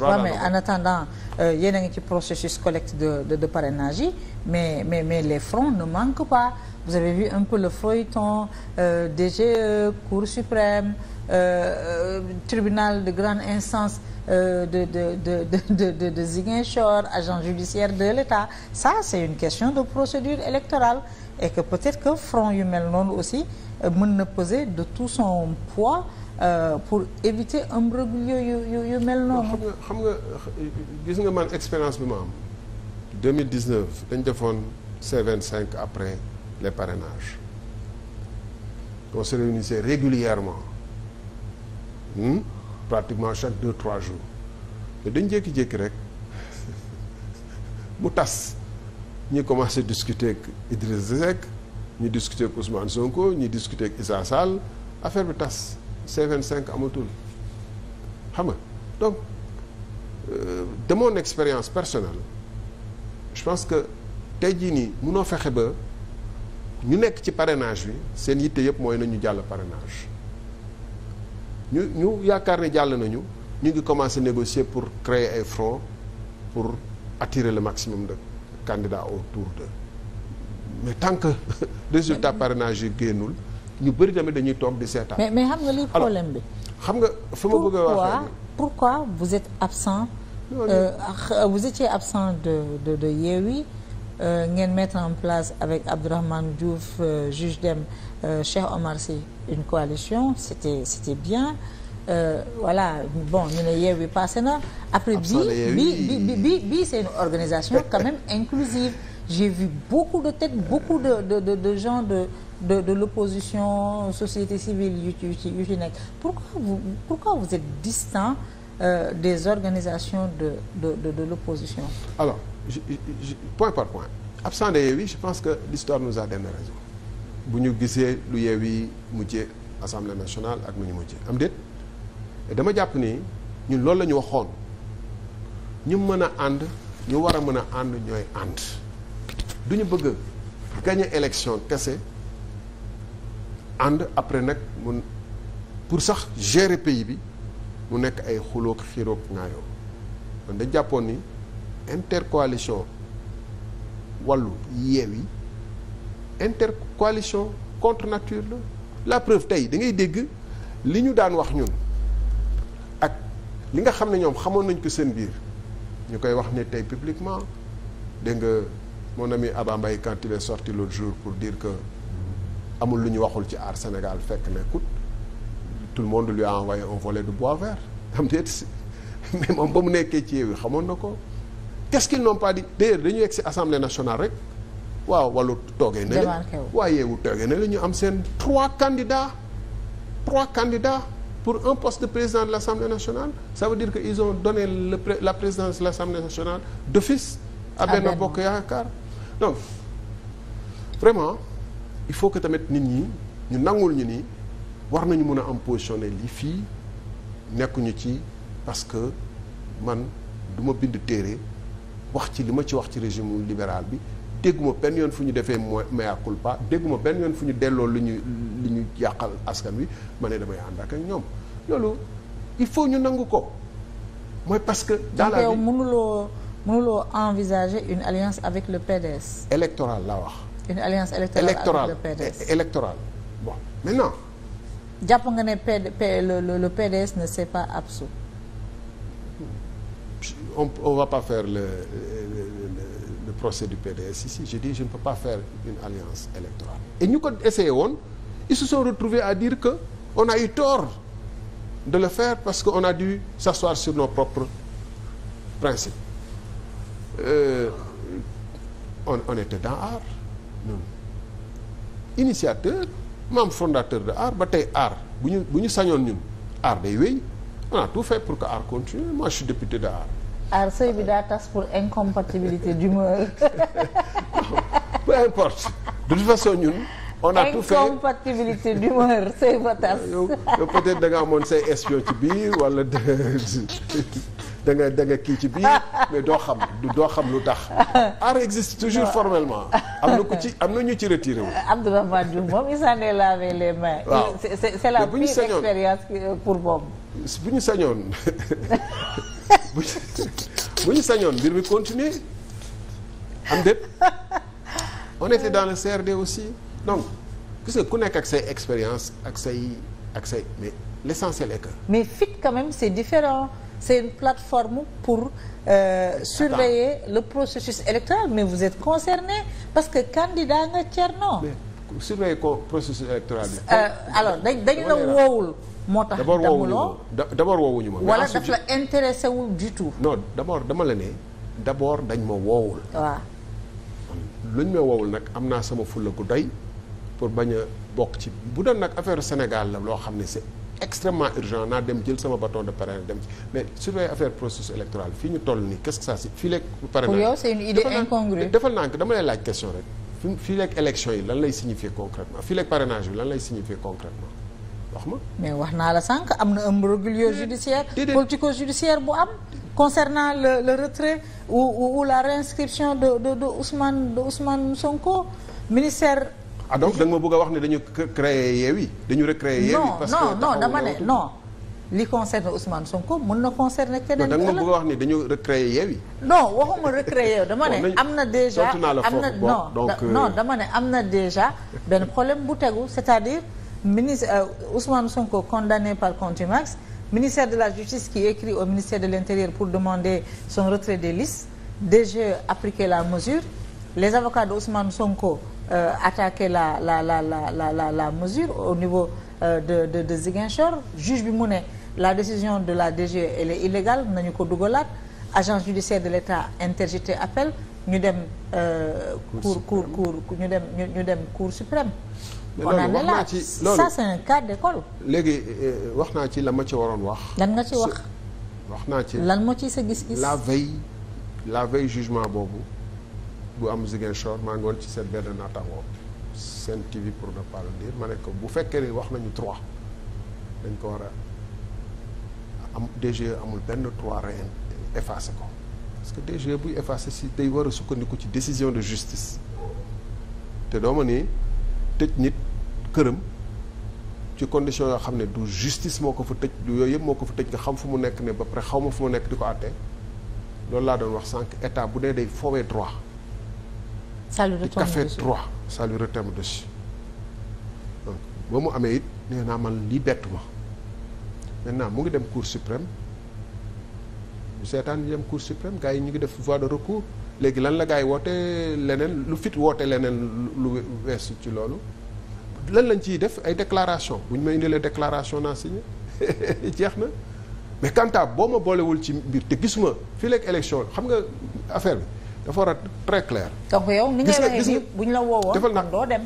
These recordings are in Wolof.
waaw ouais, mais en attendant euh, yéen a ngi ci processus collecte de de, de parrainage mais mais mais les fronts ne manquent pas vous avez vu un peu le feuilleton euh, DGE euh, Cour suprême euh, euh, tribunal de grande instance de de de de de de Ziguinchor agent judiciaire de l'État ça c'est une question de procédure électorale et que peut-être que front yu mel noonu aussi mën na peser de tout son poids. Euh, pour éviter ëmb yu yu yu mel noonu. xam nga gis nga man expérience bi ma am 2019 dañ defoon c cinq après le parrainages on se réunissait régulièrement hmm? pratiquement chaque deux trois jours mais dañ jékki-jékki rek mu tas ñi commencé discuter ak Idrissa Seck ñu discuter ak Ousmane Sonko ñu discuter ak Issa Sall affaire bi tas. c cinq amatul xam nga donc euh, de expérience personnelle je pense que tey jii nii munoo fexe ba ñu nekk ci parenage bi seen yitte yëpp mooy nañu jàll parrainage ñu ñu yaakaar ne jàll nañu ñu ngi commencer négocier pour créer ay front pour attirer le maximum de candidats autour d'eux mais tant que résultat parenage yi génnul ñu bëri tamit dañuy toog di seetaan. mais mais xam nga luy problème bi. xam nga fi ma bëgg a waxee pourquoi vous êtes absent. Euh, ah, ah, vous étiez absent de de euh, ngeen mettre en place avec Abdourahmane Diouf euh, juge Dème euh, Cheikh Omar Sy une coalition c'était c'était bien euh, voilà bon ñu ne Yewwi passé na. après bi bi c'est une organisation quand même inclusive j'ai vu beaucoup de têtes beaucoup de gens de. de de l'opposition société civile yu ci yu ci yu ci nekk pourquoi pour pourquoi vous êtes distant euh, des organisations de de de de l'opposition alors je, je, point par point absent de Yewwi je pense que l'histoire nous a donné raison bu ñu gisee lu yi mujje assemblée nationale ak nu ñu mujjee am déet dama jàpp ni ñu loolu la ñu waxoon ñu mën a ànd ñu war a mën a ànd ñooy ànd du ñu bëgg gagner élection kese ànd après nag mun pour sax gere pays bi mu nekk ay xuloog xiroog ngaayoo man dañ jàppoon ni intercoalition wàllu yeew yi intercoalition contre nature la la preuve tey da ngay dégg li ñu daan wax ñun ak li nga xam ne ñoom xamoon nañ ko seen biir ñu koy wax ni tey publiquement dégg nga mon ami Abba Mbaye sorti l'autre jour pour diir que amul lu ñu waxul ci aar Sénégal fekk na écoute tout le monde lui a envoyé un volet de bois vert am déet mais moom ba mu nekkee ci Yewwi xamoon na ko qu'est-ce qu'ils n'ont pas dit d'ailleurs dañu yegg si assemblée nationale rek waaw wàllu toogee na la waaw yeewu toogee na la ñu am seen trois candidats trois candidats pour un poste de président de l'Assemblée nationale ça veut dire que ils ont donné la présidence de l'Assemblée nationale d'office à Benno Bokk Yaakaar donc il faut que tamit nit ñi ñu nangul ñu ni war nañu mën a am position ne li fii nekkuñu ci parce que man du ma bind téere wax ci li ma ci wax ci régime libéral bi dégguma benn yoon fu ñu defee mea culpa dégguma benn yoon fu ñu delloo li ñu li ñu yàqal askan bi ma ne damay ànd ak ñoom loolu il faut ñu nangu ko mooy parce que dans la vie mënuloo mënuloo envisager une alliance avec le PDS électoral laa wax une alliance électorale électorale avec le PDS électorale eh, jàpp nga ne P le PDS ne s'est pas absous. on va pas faire le, le, le le procès du PDS ici je dis je ne peux pas faire une alliance électorale. et ñu ko essayé woon ils se sont retrouvés à dire que on a eu tort de le faire parce que on a dû s'asseoir sur nos propres principes. Euh, on était dans art. Hmm. initiateur membre fondateur de AAR ba tey AAR bu ñu bu ñu sañoon ñun AAR day wéy on tout fait pour que AAR continue moi je député de AAR. AAR sëy bi daa tas pour incompatibilité d'humeur. peu importe de toute ñun. on a tout fait d'humeur sëy ba tas. yow peut-être da amoon say espion ci biir wala. da nga da nga kii ci biir mais doo xam doo xam lu tax art existe toujours formellement am na ku ci am na ñu ci retiré wu. Abdourahmane Diouf moom il s'en est lavé les mains. waaw pour moom. bu ñu sañoon bu ñu sañoon mbir mi continuer am déet on était dans le CRD aussi donc gis ku nekk ak say expérience ak say ak say mais l'essentiel est mais fit quand même c'est différent. c'est une plateforme pour euh, surveiller le processus électoral mais vous êtes concerné parce que candidat nga Thierno. surveiller ko processus électoral bi. Euh, alors dañ dañu la woowul. moo tax damuloo d'abord woowuñu ma wala daf la intéressé wul du tout. non dama la ne d'abord dañ ma woowul. waaw. luñ ma woowul nag am naa sama fulla gu doy pour bañ a bokk ci bu doon nag affaire Sénégal la loo xam ne c'est extrêmement urgent naa dem jël sama bâton de parrainage dem ci mais su dee affaire électoral fii ñu toll nii qu'est-ce que ça si fii léegi parrainage pour yow c'est une idée incongrue defal naa ko dama lay laaj question rek fi fii léegi élection yi lan lay signifier concrètement fii léegi bi lan lay signifier concrètement wax ma mais wax naa la sànq am na un recul judiciaire politico judiciaire bu am concernant le le retrait ou, ou, ou la réinscription de de de Ousmane de Ousmane Sonko ministère ah donc da ma bëgg wax ne dañu créer Yewwi dañu recréer Yewwi parce que non non dama ne non li concerne Ousmane Sonko mën na concerner keneen da nga ma bëgg a wax ne dañu recréer Yewwi non waxuma recréer dama ne am na déjà am na non non euh, dama ne am na déjà benn problème bu tegu c'est-à-dire ministre euh, Ousmane Sonko condamné par contumace ministère de la justice qui écrit au ministère de l'intérieur pour demander son retrait des listes DG e appliquer la mesure les avocats de Ousmane Sonko euh, attaquaient la la la la la la la mesure au niveau euh, de de de Ziguinchor juge bi mu ne la décision de la DG elle est illégale nañu ko dugalaat agence judiciaire de l'État interjeté appel ñu dem. Euh, cour cour cour ñu dem ñu dem cour suprême. on en est là ça un cas d'école. léegi euh, wax naa ci la ma ci waroon wax. lan nga ci wax. wax naa ci lan moo ci sa gis-gis. la veille la veille jugement boobu. bu am Ziguinchor maa ngi woon ci seen benn naataango seen TV pour ne pas le ma ne ko bu fekkee ne wax nañu trois dañ ko war a am DGE amul benn trois ren effacé ko parce que DGE buy effacé si day war a sukkandiku ci décision de justice te doo ma ni tëj nit këram ci condition yoo xam ne du justice moo ko fa tëj du yooyu yëpp moo ko fa tëj nga xam fu mu nekk ne ba pare xaw ma fu mu nekk di ko àtte loolu laa doon wax sànq état bu dee day foowee droit ça lui retombe café droit ça lui retombe ba mu amee it nee naa man lii bettu ma maintenant mu ngi dem cour suprême bu seetaan ñu dem cour suprême gars yi ñu ngi def voie de recours léegi lan la gars yi woote leneen lu fit woote leneen lu weesu ci loolu lan lañ ciy def ay déclaration bu ñu ma indilee déclaration naa signé jeex na mais quant boo ma boolewul ci mbir te gisuma fii léegi élection xam nga affaire bi dafa war a très clair. donc yow ni nga waxee nii bu ñu la woowoon defal na doo dem.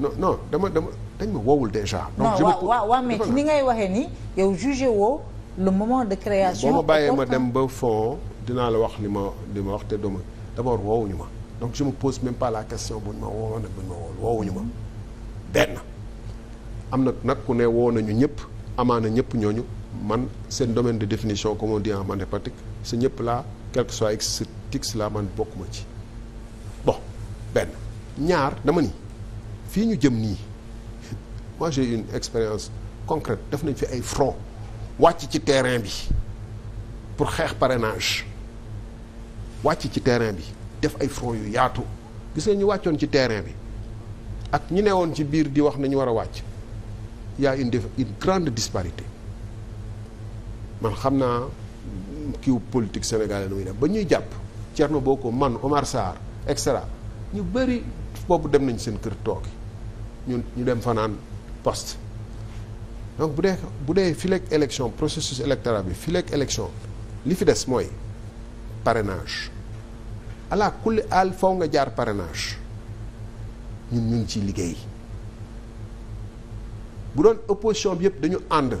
non non dama dama dañ ma woowul déjà. donc je waaw waa mais ni ngay waxee nii yow jugé woo le moment de création. boo ma bàyyee ma dem ba fond dinaa la wax li ma li ma wax te dama d'abord woowuñu ma donc je me pose même pas la question buñ ma woowoon ak buñ ma woowul woowuñu ma benn. am na nag ku ne woo nañu ñëpp amaana ñëpp ñooñu man seen domaine de définition comme on dit en mathématique c'est ñëpp là quel que soit politique man bokk ma ci bon benn ñaar dama ni fii ñu jëm nii moi j'ai une expérience concrète def nañ fi ay front wàcc ci terrain bi pour xeex parenage wàcc ci terrain bi def ay front yu yaatu gis nga ñu wàccoon ci terrain bi ak ñu ñi woon ci biir di wax nañu war a wàcc yaa a une une grande disparité man xam naa kiw politik sénégalais la muy def ba ñuy jàpp Thierno Boko man Omar Sarr et cetera ñu bëri boobu dem nañ seen kër tooki ñun ñu dem fanaan poste donc bu dee bu dee fileeg élection processus électoral bi fileeg élection li fi des mooy parrainage ala kulli al faw nga jaar parrainage ñun ñu ngi liggéey bu doon opposition bi yëpp dañu ànd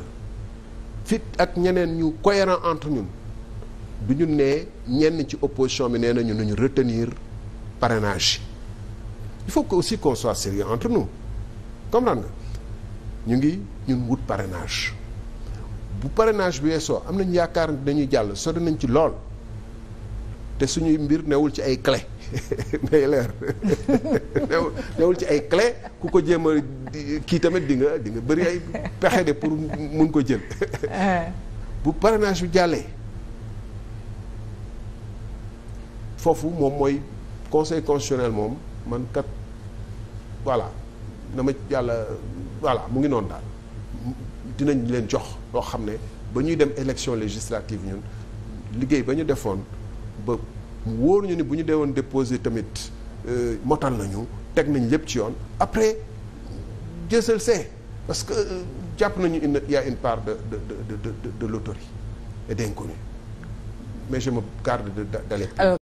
fit ak ñeneen ñu cohérent entre ñun du ñu nee ñenn ci opposition bi nee nañu nañu retenir parenage il faut que aussi qu'on soit sérieux entre nous comprendre nga ñu ngi ñun wut parrainage bu parrainage bi weesoo am nañu yaakaar dañuy jàll sori nañ ci lool te suñuy mbir newul ci ay clé mais leer newul ci ay clé ku ko jéem a kii tamit di nga di nga bëri ay pexe de pour mun ko jël ah. bu parrainage bi jàllee foofu moom mooy conseil constitutionnel moom man kat voilà na ma yàlla voilà mu ngi noonu daal dinañ leen jox loo xam ne ba ñuy dem élection législative ñun liggéey ba ñu defoon ba mu wóor ñu ni bu ñu dee woon déposé tamit euh, motal nañu teg nañ lépp ci yoon après jësal see parce que euh, jàpp nañu une y a une part de de de de de de, de, de l'autorité et garde de d'aller